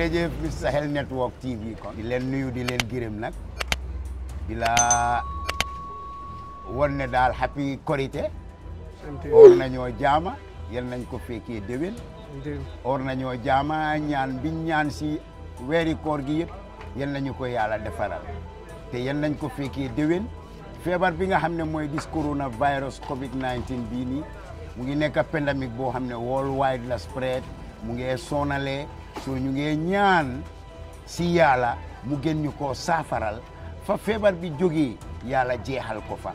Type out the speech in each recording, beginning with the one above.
jërëjëf Miss Sahel Network TV kon di leen nuyu di leen gërëm nag di la won ne daal happy korite or nañoo jaama yal nañ ko fekkee déwén or nañoo jaama ñaan biñ ñaan si weeri koor gi yëpp yal nañu ko yàlla defaral te yal nañ ko fekkee déwén feebar bi nga xam ne mooy dis coronavirus covid 19 bii nii mu ngi nekk pandémie boo xam ne worldwide la spread mu ngi sonalee so ñu ngee ñaan si yàlla mu gën ñu koo saafaral fa feebar bi jógee yàlla jeexal ko fa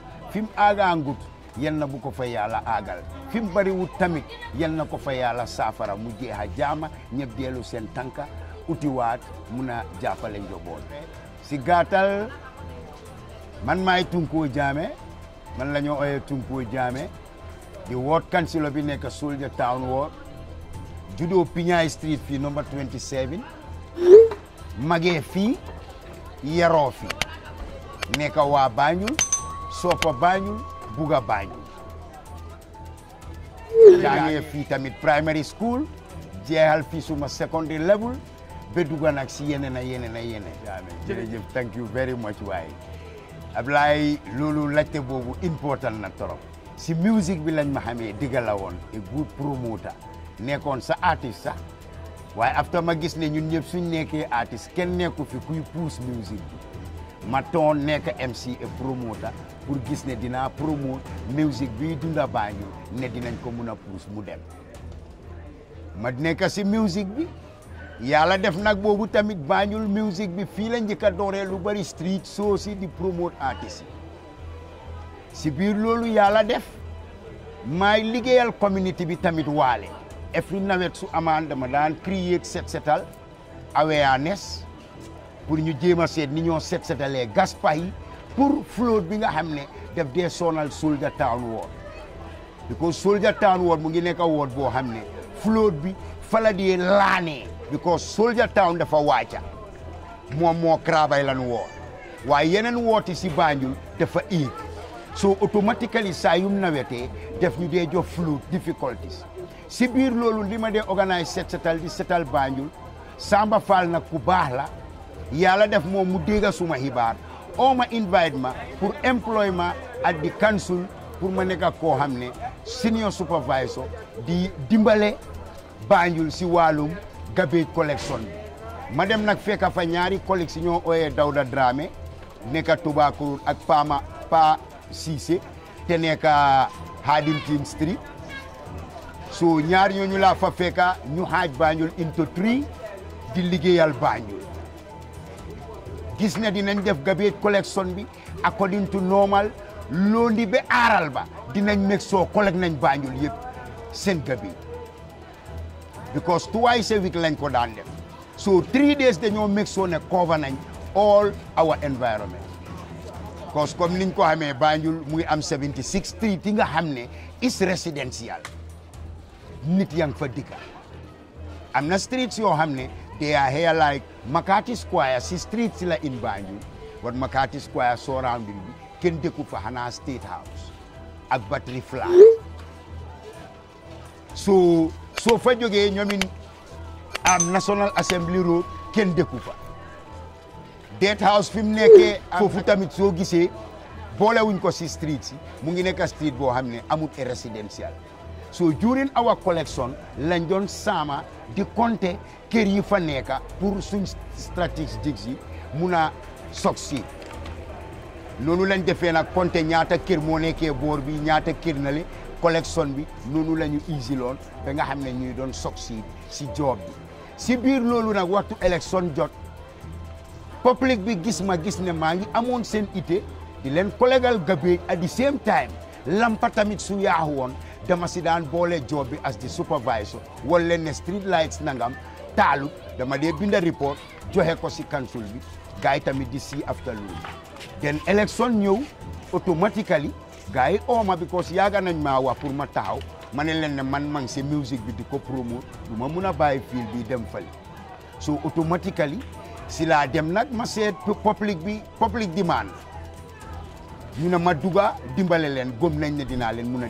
aagaangut yal na bu ko fa yàlla aagal fi bariwut tamit yan na ko fa yàlla saafara mu jeexa jaama ñëpp dellu seen tànka utiwaat mun a jàppale njaboot si gàttal man maay Tunkoo Jammeh man la ñoo ooyee di ward councilor bi nekk Soldier Town ward judo Piñaay street fii number 27 magee fii yaroo fi nekk waa Banjul soppa Banjul buga Banjul jàngee fii tamit primary school jeexal fii suma secondary level ba dugg nag si yeneen a yeneen a yeneen jërëjëf thank you very much waaye Ablaye loolu laajte boobu important na trop si musique bi lañ ma xamee digga la woon et good promoter nekkoon sa artiste sax waaye after ma gis ne ñun ñëpp suñ nekkee artiste kenn nekku fi kuy pousse musique bi ma toon nekk MC et promoteur pour gis ne dinaa promote musique bi dunda Banjul ne dinañ ko mu a pousse mu dem ma nekk si musique bi yàlla def nag boobu tamit Banjul musique bi fii la njëkk lu bari street soo si di promote artiste yi si biir loolu yàlla def maay liggéeyal communauté bi tamit waale every nawet su amaan dama daan crier set setal awareness pour ñu jéem a seet ni ñoo set setalee gaspa yi pour flotte bi nga xam ne def dee soonal Soldier Town Ward because Soldier Town Ward mu ngi ne ward boo xam ne flotte bi fala dee laanee because Soldier Town dafa waaca moom moo Krabay lan woor waaye yeneen wooti si Banjul dafa iig so automatically saa yum nawetee def ñu dee jox flood difficulties si biir loolu li ma dee organise set setal di setal Banjul Samba Fall na ku baax la yàlla def moomu mu dégg suma xibaar oo ma invite ma pour employment at di council pour ma nekk koo xam ne senior supervisor di dimbale Banjul si wàllum garbage collection bi ma dem nag fekk fa ñaari collègue si ñoo ooyee nekk Tubaakuruun ak Pama Pa Cissé te nekk Haddington Street so ñaar ñooñu laa fa ñu xaaj Banjul into three di liggéeyal Banjul gis ne dinañ def garbage collection bi according noomal normal loondi ba aaral ba dinañ meg soo collect nañ Banjul yëpp seen garbage because twice a week lañ ko daan def so three days dañoo meg soo ne cover nañ all our environment because comme niñ ko xamee Banjul muy am 76 street yi nga xam ne is résidentiel nit yaa fa dëkka am na streets yoo xam ne they are here like Makati Square si streets la in Banjul but Makati Square surrounding bi kenn dëkku fa xanaa State House ak Battery Flat so soo fa jógee ñoomin am National Assembly Road kenn dëkku fa State House fi mu nekkee foofu tamit soo gisee boolewuñ ko si streets yi mu ngi nekk street boo xam ne amut résidentiel so during our collection lañ doon saama di compter kër yi fa nekka pour suñ stratégique yi mun a succeed noonu lañ defee nag compter ñaata kër moo nekkee boor bi ñaata kër na collection bi noonu la ñu easy nga xam ne ñuy doon succeed si job bi si biir loolu nag waxtu élection jot public bi gis ma gis ne maa ngi amoon seen idée di leen collegal gabeej at the same time lampa tamit su yaaxu woon dama si daan boole job as the supervisor wala ne street lights nangam taalut dama dee binda report joxe ko si council bi gars di si after loolu den election ñëw automatically gars ooma because yaaga nañ maa wax pour ma taxaw ma ne man mang si music bi di ko promote du ma mun a bàyyi bi dem so automatically si laa dem nag ma seet public bi public demand ñu ne ma duga dimbale leen gom nañ ne dinaa leen mun a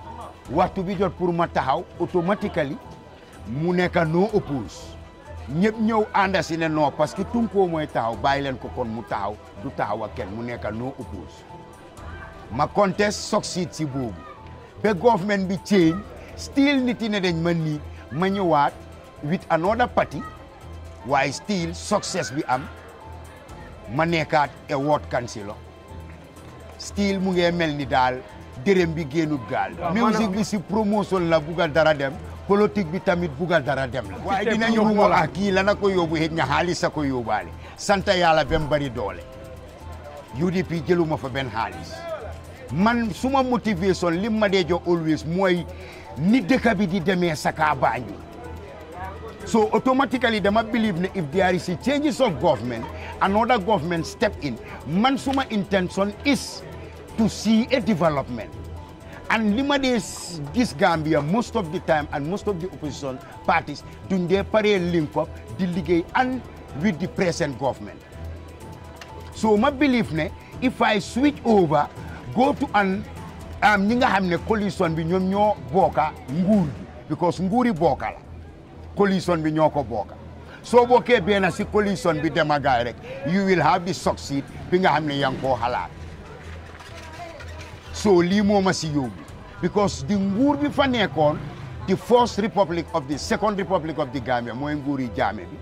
waxtu bi jot pour ma taxaw automatiquement mu nekk non oppose ñëpp ñëw ànda si ne non parce que Tunkoo mooy taxaw bàyyi leen ko kon mu taxaw du taxaw ak kenn mu nekk non oppose ma conteste succeed si boobu ba government bi change still nit yi ne dañ ma nii ma ñëwaat with another party waaye still success bi am ma nekkaat a ward councilor still ni daal dërëm bi génnut gaal. musique bi si promotion la bugga dara dem. politique bi tamit bugga dara dem la. waaye dinañu ruumal ak kii la na ko yóbbu xëy na xaalis a ko yóbbaale. sant yàlla bari doole. UDP jëluma fa benn xaalis. man suma motivation li ma dee jox always mooy ni dëkk bi di demee saka baañu. so automatically dama believe ne if there is a changes of government government step in man suma intention is. to see a development. ma Limadis, gis Gambia, most of the time, and most of the opposition parties, do they pare link up, delegate, and with the present government. So my belief ne, if I switch over, go an um, ñi nga xam ne coalition bi ñoom ñoo booka nguur bi because nguuri booka la coalition bi ñoo ko booka soo bokkee benn si coalition bi dema rek you will have the succeed bi nga xam ne yaa ngi so limo masi ma because the ngurbi fanekon the first republic of the second republic of the Gambia mo nguri jame bi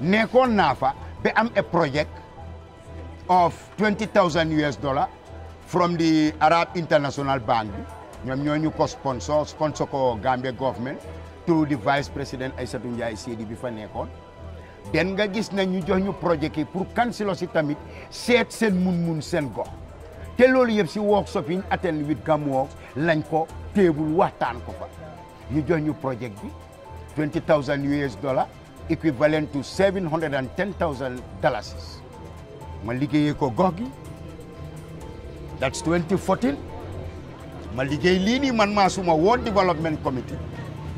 nekon nafa be am a project of 20000 US dollar from the Arab International Bank bi ñoom ñoo ñu ko sponsor sponsor ko Gambia government through the vice president Aïssatou Ndiaye Seydi bi fa den nga gis na ñu jox ñu project yi pour cancelo si tamit set seen mun-mun sen gox te loolu yëpp si workshop yi ñu Athènes with Gumworks lañ ko téebul waxtaan ko fa ñu jox ñu projet bi 20000 US dollar equivalent to 710000 dollars ma liggéeyee ko gox gi that's 2014 ma liggéey lii man maa suma woon development committee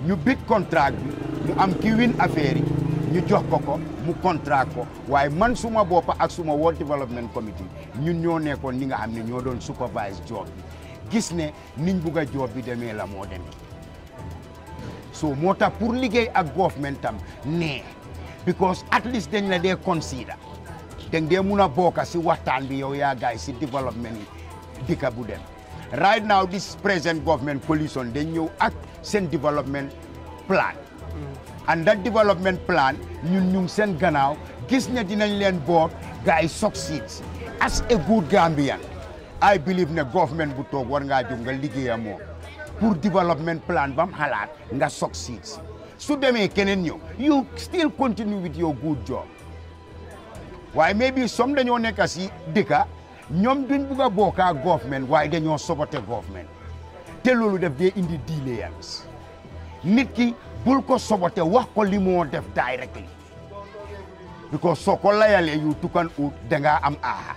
ñu bid contract bi ñu am ki win affaire yi ñu jox ko ko mu contrat ko waye man suma bop ak suma World Development Committee ñun ño nekkon ñi nga xamni ño doon supervise job bi gis ne niñ bugg job bi démé la mo so mota pour liguey ak government tam because at least dañ la dé consider dañ dé mëna boka ci si waxtaan bi yow ya gaay si development dika bu dem right now this present government coalition dañ ñew ak send development plan and that development plan ñun ñu seen gannaaw gis ne dinañ leen boot gars yi succeed as a good Gambian I believe ne government bu toog war ngaa jóg nga liggéeya moom pour development plan bam xalaat nga succeed su demee keneen ñëw you still continue with your good job waaye maybe some dañoo nekk si dika ñoom duñ bugg a bokkaa government waaye dañoo sobote government te loolu def dee indi delayance nit ki bul ko soboté wax ko li def directly because soko ko yu tukan ut nga am aha.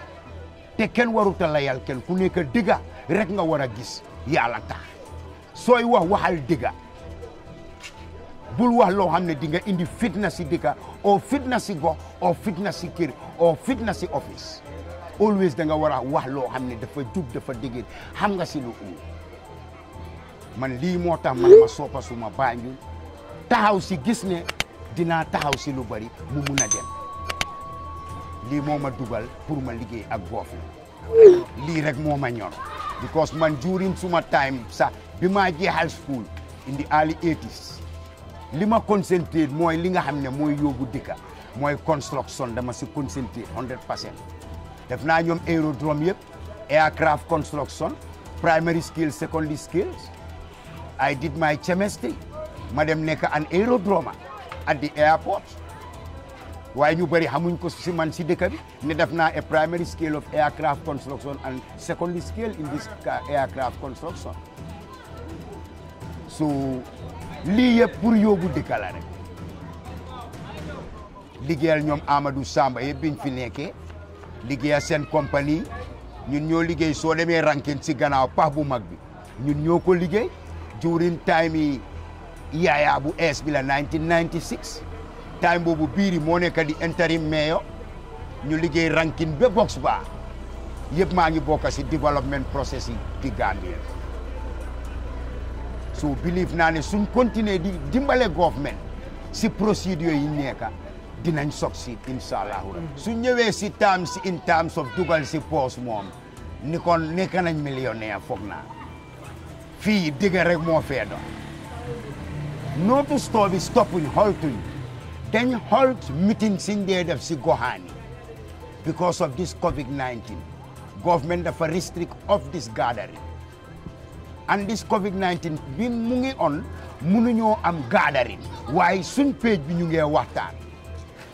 te waru waruta layal ken ku nek diga rek nga wara a gis yalla ta soy wax waxal diga bul wax lo xam di nga indi fitna si dëkka fitness fitna si fitness oo fitna fitness kër fitna office always da nga wara a wax loo xam dafa jub dafa digit xam nga ci lu uur man lii moo tax man ma soppa suma Banjul taxaw si gis ne dinaa taxaw si lu bari mu mun a dem lii moo ma dugal pour ma liggéey ak Governor lii rek moo ma ñor because man during suma time sax bi ma jeexal school in the early 80 li ma concentré moo li nga xam ne mooy yóbbu dëkka mooy construction dama si concentré 100 percent def naa ñoom aérodrome yëpp aircraft construction primary skill secondary skills I did my chemistry ma dem nekk an aerodroma at the airport waaye ñu bëri xamuñ ko si man si dëkk ne def naa a primary scale of aircraft construction and secondary scale in this aircraft construction so lii yëpp pour yóbbu dëkk la rek liggéeyal ñoom Amadou Samba yëpp biñ fi nekkee liggéeyal seen compagnie ñun ñoo liggéey soo demee Rankin si gannaaw pax bu mag bi ñun ñoo ko liggéey during time yi yaayaa bu ees bi la 1996 time boobu biiri moo nekk di interim mayor ñu liggéey rankin ba box ba yëpp maa ngi bokk si development process yi di Gambia so believe naa ne suñ continuer di dimbale government si procédure yi nekka dinañ succeed incha allahu ra mm-hmm. su ñëwee si terms in terms of dugal si poos moom ni kon nekk nañ millionnaire foog naa fii digga rek moo fee nootu stoo bi stoppuñ holtuñ dañ holt meeting siñ def si goxaan yi because of this COVID-19 government dafa restrict of this gathering and this COVID-19 bi mu ngi on mënuñoo am gathering waaye suñ page bi ñu ngee waxtaan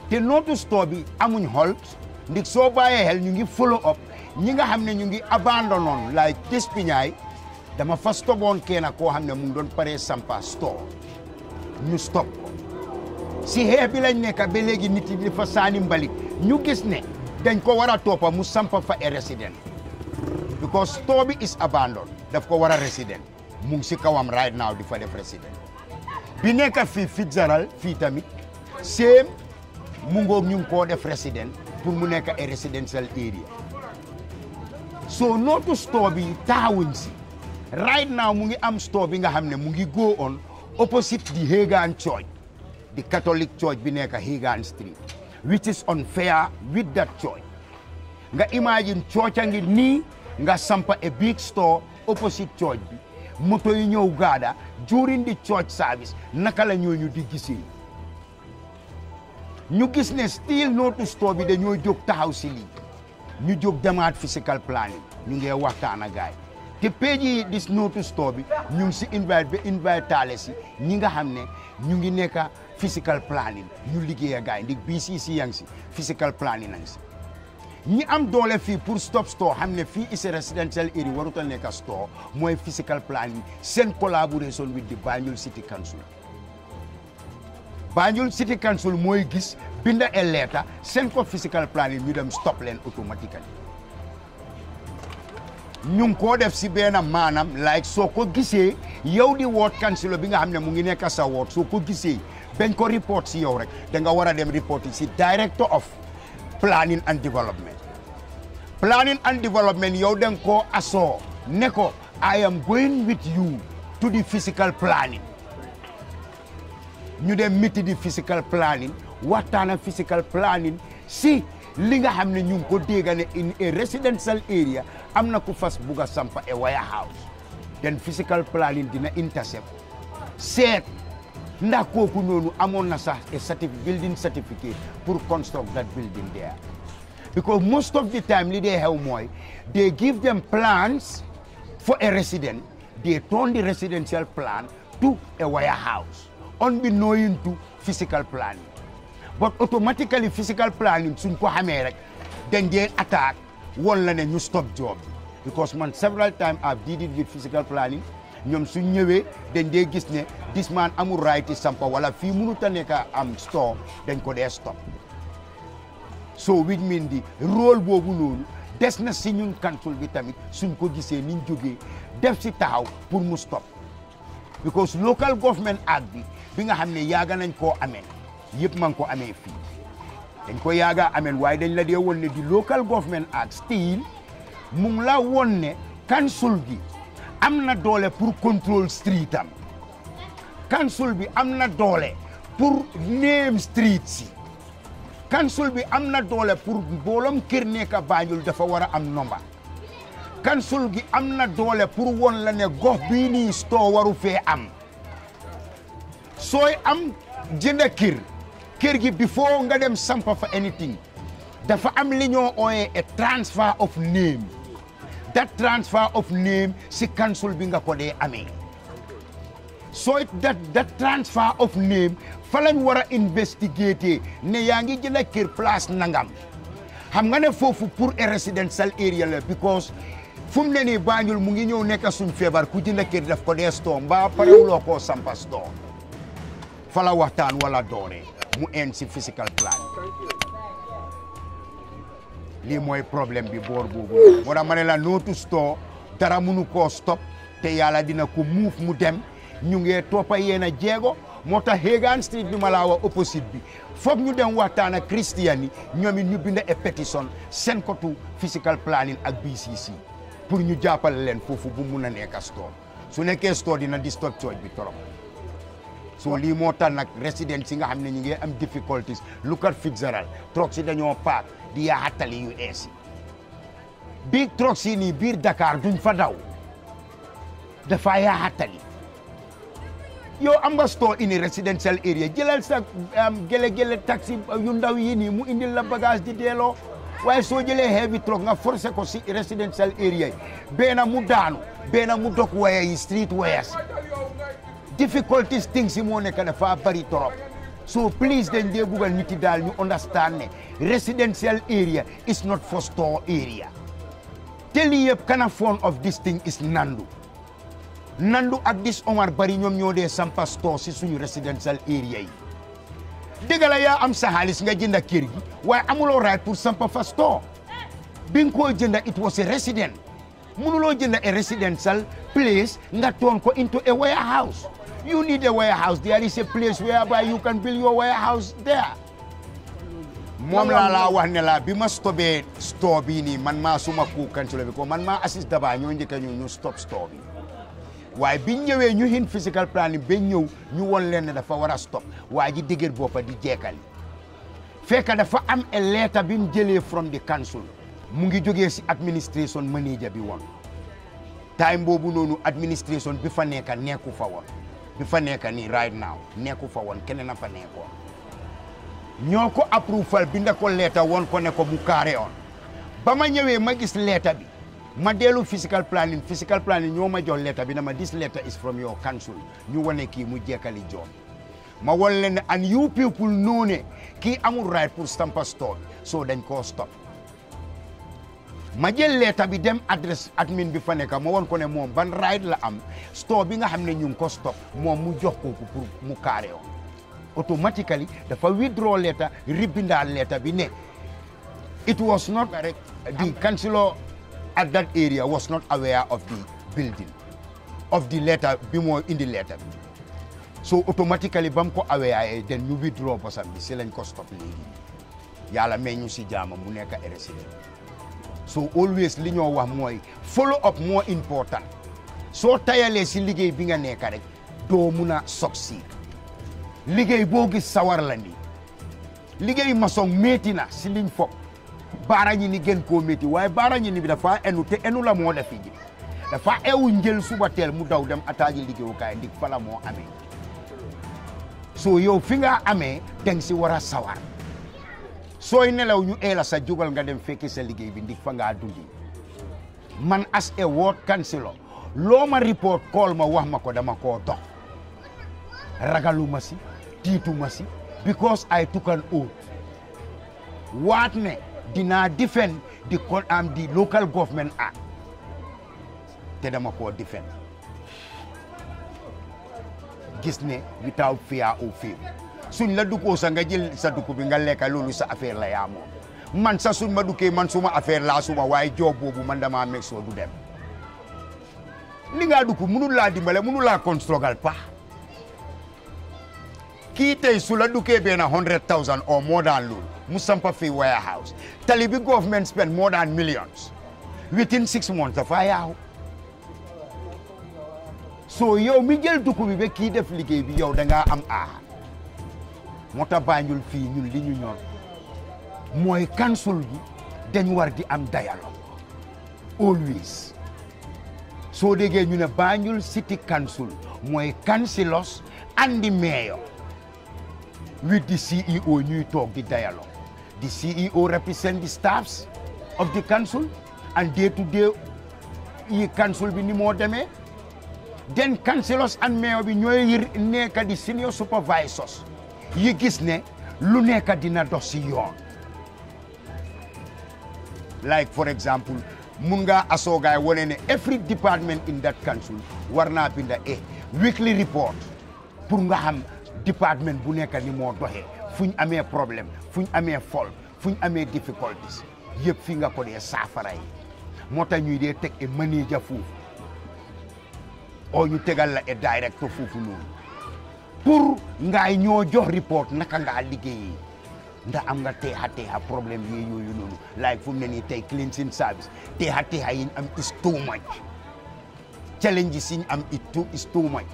te nootu stoo bi amuñ holt ndik soo bàyyee ñu ngi follow up ñi nga xam ne ñu ngi abandonoon like Kispiñaay dama fa stop on kena ko xam ne mu ngi doon pare sampa stop ñu stop si xeex bi lañ nekk ba léegi nit yi fa saani mbalit ñu gis ne dañ ko war a toppa mu sampa fa e resident because stop bi is abandoned daf ko war a resident mu ngi si kawam right now di fa def resident bi nekk fii Fitzgerald fii tamit same mu ngoog ñu ngi koo def resident pour mu nekk e residential area so nootu stop bi taawuñ si right now mu ngi am store bi nga xam ne mu ngi go on opposite the Hagan Church the Catholic Church bi nekk Hagan Street which is unfair with that church nga imagine church a ngi nii nga sampa a big store opposite church bi moto yi ñëw gaada during the church service naka la ñooñu di gisee ñu gis ne still nootu store bi dañoo jóg taxaw si lii ñu jóg demaat physical planning ñu ngi waxtaan a gaay te page yi dis notu store bi ñu ngi si invite ba invite taale si ñi nga xam ne ñu ngi nekka physical planning ñu liggéey a gaay ndik BCC si ngi si physical planning a ngi si ñi am doole fii pour stop store xam ne fii is a residential area warutal nekka store mooy physical planning seen collaboration with the Banjul City Council Banjul City Council mooy gis binda a letter seen ko physical planning ñu dem stop leen automatiquement ñung ko def ci benn manam like soko ko gisee yow di woot kansilo bi nga xam mu ngi nekk sa wot soko gisee ko report si yow rek da nga wara dem report si director of planning and development planning and development yow dang ko aso ne ko I am going with you to the physical planning ñu dem miti di physical planning waxtaan physical planning si li nga nyungko ne ñu ko in a residential area am na ku fas bugg a sampa a warehouse Then physical planning dina intercept Set ndax kooku noonu amoon na a certificate building certificate pour construct that building there because most of the time li dee xew they give them plans for a resident they turn the residential plan to a warehouse unbeknown to physical planning but automatically physical planning suñ ko xamee rek dañ dee won la ne ñu stop job bi because man several times I've did it with physical planning ñoom su ñëwee dañ dee gis ne this man amul right sampa wala fii mënut a nekk am store dañ ko dee stop so which mean di rôle boobu noonu des na si ñun council bi tamit suñ ko gisee niñ jógee def si taaw pour mu stop because local government act bi bi nga xam ne yaaga nañ koo amee yëpp ma ngi ko amee fii dañ ko yaaga amen waaye dañ la dee woon ne di local government act still mu ngi la woon ne council bi am na doole pour control street am council bi am na doole pour name street si council bi am na doole pour mbooloom kër nekk a dafa war a am nomba council gi am na doole pour woon la ne gox bii nii store waru fee am sooy am jënd kër kër gi before nga dem sampa fa anything dafa am li ñoo ooyee a transfer of name that transfer of name si council bi nga ko dee amee so that that transfer of name fa lañ war a investigate ne yaa ngi jëla kër place nangam xam nga ne foofu pour a residential area la because fu mu ne nii Banjul mu ngi ñëw nekk suñ feebar ku jënd kër daf ko dee store mbaa parewuloo koo sampa store fa waxtaan wala doone mu end physical plan li moy problème bi bor boobu moo tax no to stop dara munu ko stop te yalla dina ko move mu dem ñu ngee toppa yéen a jeego Hagan Street bi ma laa opposite bi foog ñu dem waxtaan Christiani. ñomi ñu bind e pétition ko tu physical planning ak BCC pour ñu jàppale len fofu bu mun a nekk store su nekkee store dina disturb choj bi torop so li moo tax resident résident si nga ñi ngi am difficulties look at Fitzgerald truck ci dañoo paak di ya hatali yu big truck si nii bir Dakar duñ fa daw dafa ya Yo yo am nga store ini residential area jëlal sa gele-gele taxi yu ndaw yi ni mu indi la bagage di delloo way so jëlé heavy truck nga forcé ko si residential area Bena mudano, mu daanu bena mu dok waya yi street waya difficulties things want to have dafa bari top. so please then Google Google nit yi understand me. residential area is not for store area you lii kind of phone of this thing is nandu nandu at this Omar bari ñoom sampa store si in residential area Degala ya am sahalis nga jinda kirgi. gi amulo amuloo right pour sampa fa store bi jinda it was a resident Munulo jinda a residential place nga toon into a warehouse You need a warehouse. There is a place whereby you can build your warehouse there. Mom la la wax ne la bi ma stopé store bi ni man ma suma ku kancilo bi ko man ma assist daba ñoo njëkk ñu ñu stop store bi waaye bi ñëwee ñu hin physical planning bi nyu ñu won len ne dafa wara stop waa ji dëgër boppa di jeekali fekk dafa am a letter bi mu from the council mu ngi si administration manager bi won time boobu nonu administration bi fa nekka nekku fa won bi fa right now nekku fa won kene na fa nekkoon ñoo ko approval binda ko leeta won ko ne ko mu kaare on bama ma ñëwee ma gis bi ma dellu physical planning physical planning ñoo ma jox leeta bi dama this letter is from your council ñu wane ki mu jekkali joom ma won leen and you people know ne kii amul right pour stampa store so dañ ko stop ma jël leeta bi dem adresse admin bi fa nekk ma won ko ne moom ban ride la am store bi nga xam ne ñu ngi ko stop moom mu jox kooku pour mu kaaree automatically dafa withdraw leeta ribindaal leeta bi ne it was not rek the councillor that area was not aware of the building of the letter bi moo indi letter bi so automatically ko aware den ñu withdraw bosam bi si lañ ko stop léegi yàlla may ñu si jaama mu nekk résident so always li ñoo wax mooy follow up more important soo tayalee si liggéey bi nga nekk rek doo mun a succeed liggéey boo gis sawar la ni liggéey maçon métti na si liñ fop baara ñi ni gën koo métti waaye baara ñi ni bi dafa enu te enu la moo defi ji dafa ewu njël suba teel mu daw dem ataaji liggéeyukaay ndig fa la moo amee so yow fi nga amee deng si war a sawar sooy nelaw ñu ela sa jugal nga dem fekki sa liggéey bi ndik fa ngaa dundi man as a e ward councillor lo ma report call ma wax ma ko dama koo dox ragaluma si tiituma si because I took an oath What ne dina defend di call am di local government a te dama ko defend gis ne without fear or fear suñ la duko sa nga jël sa duko bi nga lekka sa affaire la yamo man sa suñ ma duggee man suma affaire la suma way job bobu man dama meg so du dem li nga duko mënul la dimbalé mënul la constrogal pa ki su la duggee benn hundred thousand or more than lulu mu sampa fi warehouse tali bi government spend more than millions within six months dafa yaaw so yo mi jël duko bi be ki def liggéey bi yow da nga am a moo tax Banjul fii ñun li ñu ñor mooy council bi dañ war di am dialogue always soo déggee ñu ne Banjul City Council mooy councilors and the mayor with the CEO ñuy toog di dialogue the CEO represent the staffs of the council and day to day yi bi ni moo demee then councilors and mayor bi ñooy nekk di senior supervisors yi gis ne lu nekk dina dox si yoon like for example mun nga asoogaay wane ne every department in that council war naa binda e weekly report pour nga xam département bu nekk ni moo doxee fuñ ñu amee problème fu ñu amee fol fu ñu amee difficulties yëpp fii nga ko dee saafara yi moo tax ñuy dee teg e manager foofu oo ñu tegal la e directeur foofu noonu pour ngaay ñoo jox report naka ngaa liggéeyee nda am nga teexa teexa problème yee yooyu noonu like fu mu ne nii tey cleansing service teexa teexa yi am is too much challenges yi am it too is too much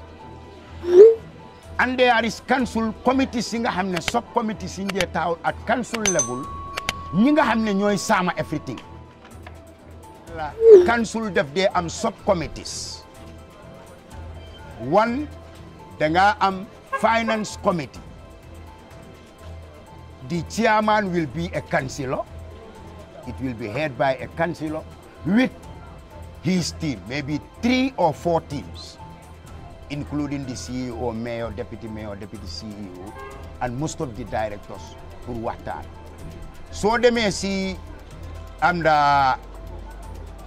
and there is council committees yi nga xam ne sub committees yi njee taxaw at council level ñi nga xam ne ñooy saama everything la council def dee am sub committees one da am Finance Committee. The chairman will be a councillor. It will be head by a councillor with his team, maybe three or four teams, including the CEO, mayor, deputy mayor, deputy CEO, and most of the directors who work there. So they may see I'm the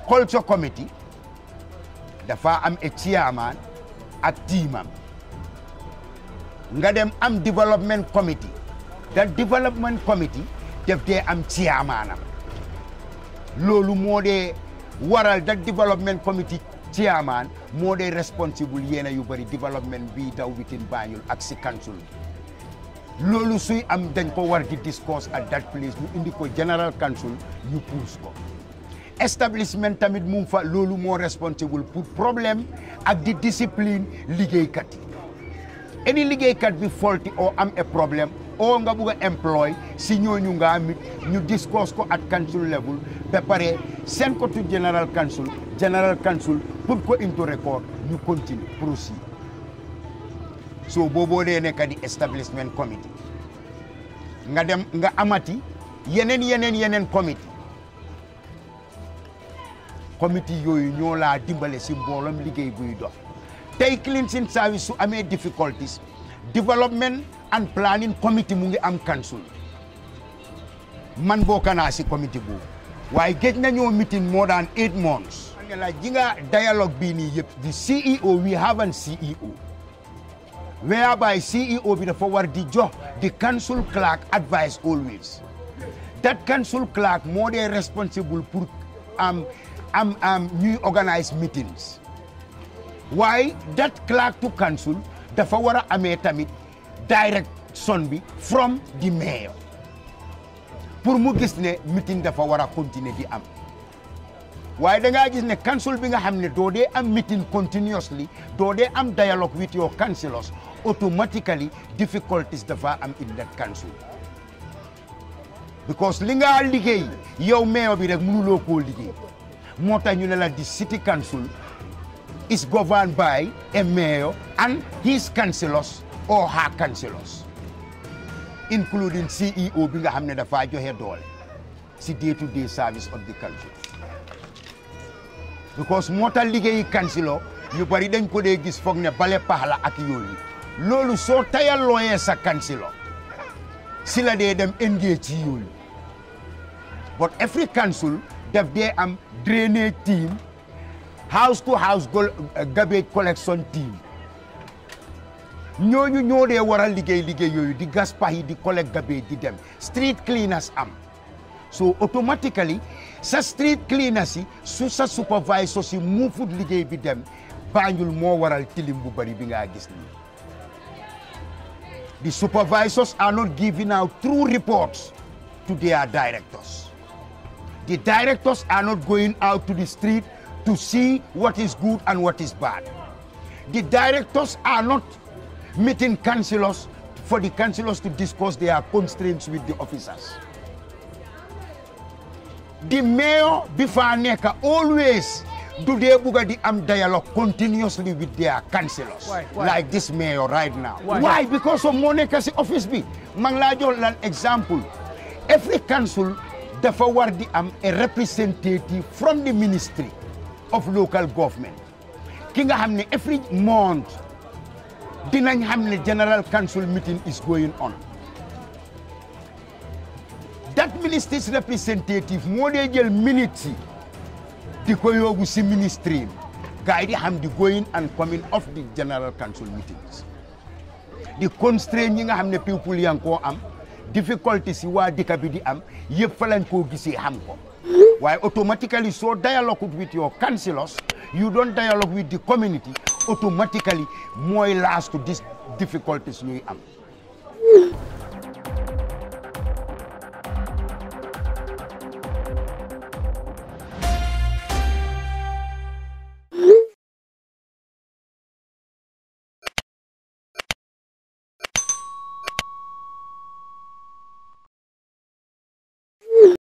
culture committee, the far I'm a chairman, a team. nga dem am development committee da development committee def dee am ciyaamaanam loolu moo dee waral da development committee ciyaamaan moo dee responsible yéena yu bëri development bii daw witin Banjul ak si council loolu suy am dañ ko war di discourse at that place ñu indi ko general council ñu puus ko establishment tamit mu fa loolu moo responsible pour problème ak di discipline liggéeykat yi any kat bi folti o am e problem. o nga buga employ si ñooñu nga amit ñu discuss ko at council level ba pare sen ko tu general council general council pour ko into record ñu continue proceed so bobo le ne di establishment committee nga dem nga amati yenen yenen yenen committee committee yooyu ñoo laa dimbale si mboolam liggéey buy dox tey clean seen service su amee difficulties development and planning committee mu ngi am council man boo naa si committee boobu waaye géej nañoo meeting moo daan eight months. ne dialogue bii nii yëpp di CEO we have an CEO whereby CEO bi dafa war di jox di kansul clerk advice always that council clerk moo dee responsible pour am am am ñuy organise waaye that clerk to council dafa war a amee tamit direction bi from the mayor pour mu gis ne mitin dafa war a continuer di am waaye dangaa gis ne council bi nga xam ne doo dee am meeting continuously doo dee am dialogue with your councillors automatically difficulties dafa am in that council because li nga liggéey yow mayor bi rek mënuloo koo liggéey moo tax ñu ne la di city council is governed by a mayor and his councillors or her councillors including CEO bi nga xam ne dafa joxe doole si day to day service of the country because moo tax liggéeyi yu bari dañ ko dee gis foog ne bale pax la ak yooyu loolu soo tayal looyee sa councillor si la dee dem engage ci yooyu but every council daf dee am drainage team house to house uh, garbage collection team ñooñu ñoo dee they a liggéey liggéey yooyu di gas The yi di collect garbage di dem street cleaners am so automatically sa street cleaners yi su sa supervisor si muufut liggéey bi dem Banjul moo waral tilimbu bu bari bi the supervisors are not giving out true reports to their directors the directors are not going out to the street to see what is good and what is bad. The directors are not meeting councillors for the councillors to discuss their constraints with the officers. The mayor before NECA always do they bugadi am dialogue continuously with their councillors. Why? Why? Like this mayor right now. Why? Why? Because of Monekasi office bi. Manglajo an example. Every council dafa war di am e representative from the ministry. of local government ki nga xam ne every month dinañ xam ne general council meeting is going on that minister's representative moo dee jël minutes yi di ko yóbbu si ministry gaay di xam di going and coming of the general council meetings di constraint ñi nga xam ne people yaa ngi koo am difficulty si waa dëkk bi di am yëpp fa lañ koo gisee ko why automatically so dialogue with your councillors you don't dialogue with the community automatically more last to these difficulties you have